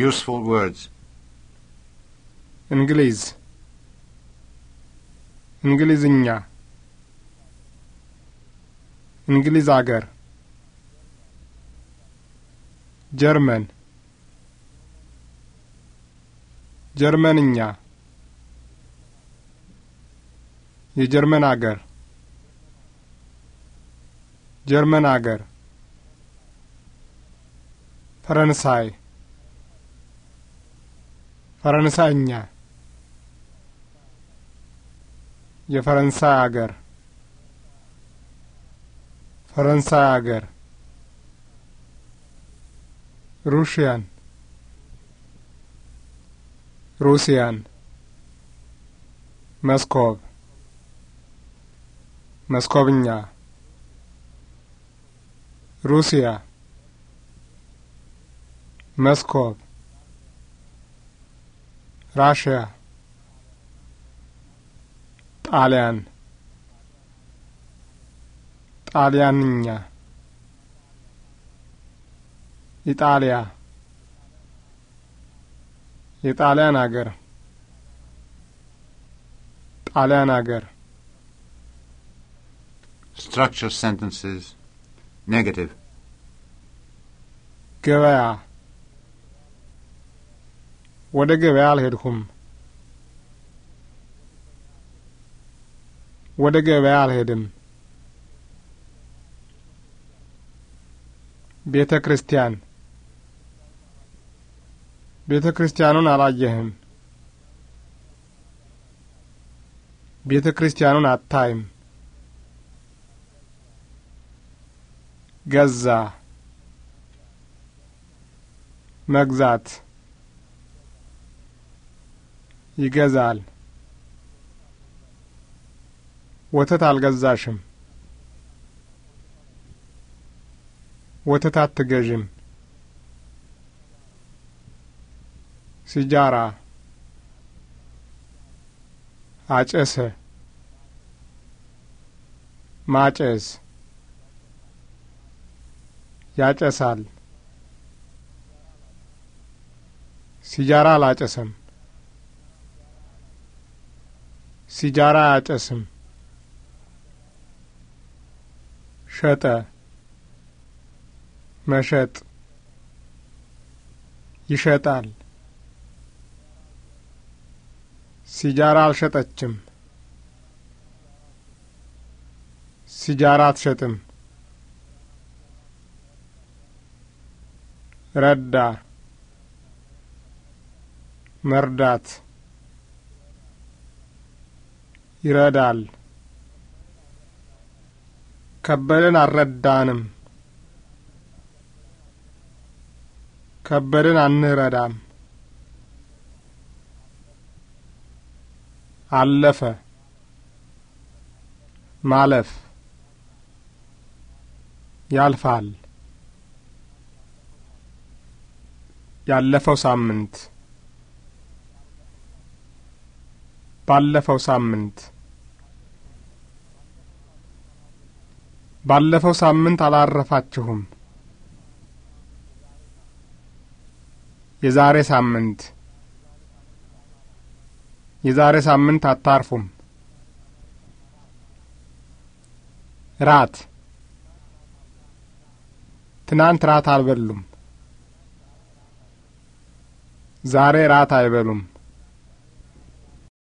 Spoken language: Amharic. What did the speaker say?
Useful words. እንግሊዝ እንግሊዝኛ እንግሊዝ አገር ጀርመን ጀርመንኛ የጀርመን አገር ጀርመን አገር ፈረንሳይ ፈረንሳይኛ የፈረንሳይ አገር ፈረንሳይ አገር ሩሽያን ሩሲያን መስኮብ መስኮብኛ ሩሲያ መስኮብ ራሽያ፣ ጣሊያን፣ ጣሊያንኛ፣ ኢጣሊያ፣ የጣሊያን አገር፣ ጣሊያን አገር። Structure sentences negative. ገበያ ወደ ገበያ አልሄድኩም። ወደ ገበያ አልሄድም። ቤተ ክርስቲያን ቤተ ክርስቲያኑን አላየህም። ቤተ ክርስቲያኑን አታይም። ገዛ መግዛት ይገዛል። ወተት አልገዛሽም። ወተት አትገዥም። ሲጃራ አጨሰ፣ ማጨስ፣ ያጨሳል። ሲጃራ አላጨሰም። ሲጃራ አጨስም። ሸጠ፣ መሸጥ፣ ይሸጣል። ሲጃራ አልሸጠችም። ሲጃራ አትሸጥም። ረዳ፣ መርዳት ይረዳል። ከበደን አልረዳንም። ከበደን አንረዳም። አለፈ ማለፍ ያልፋል። ያለፈው ሳምንት ባለፈው ሳምንት ባለፈው ሳምንት አላረፋችሁም። የዛሬ ሳምንት የዛሬ ሳምንት አታርፉም። ራት ትናንት ራት አልበሉም። ዛሬ ራት አይበሉም።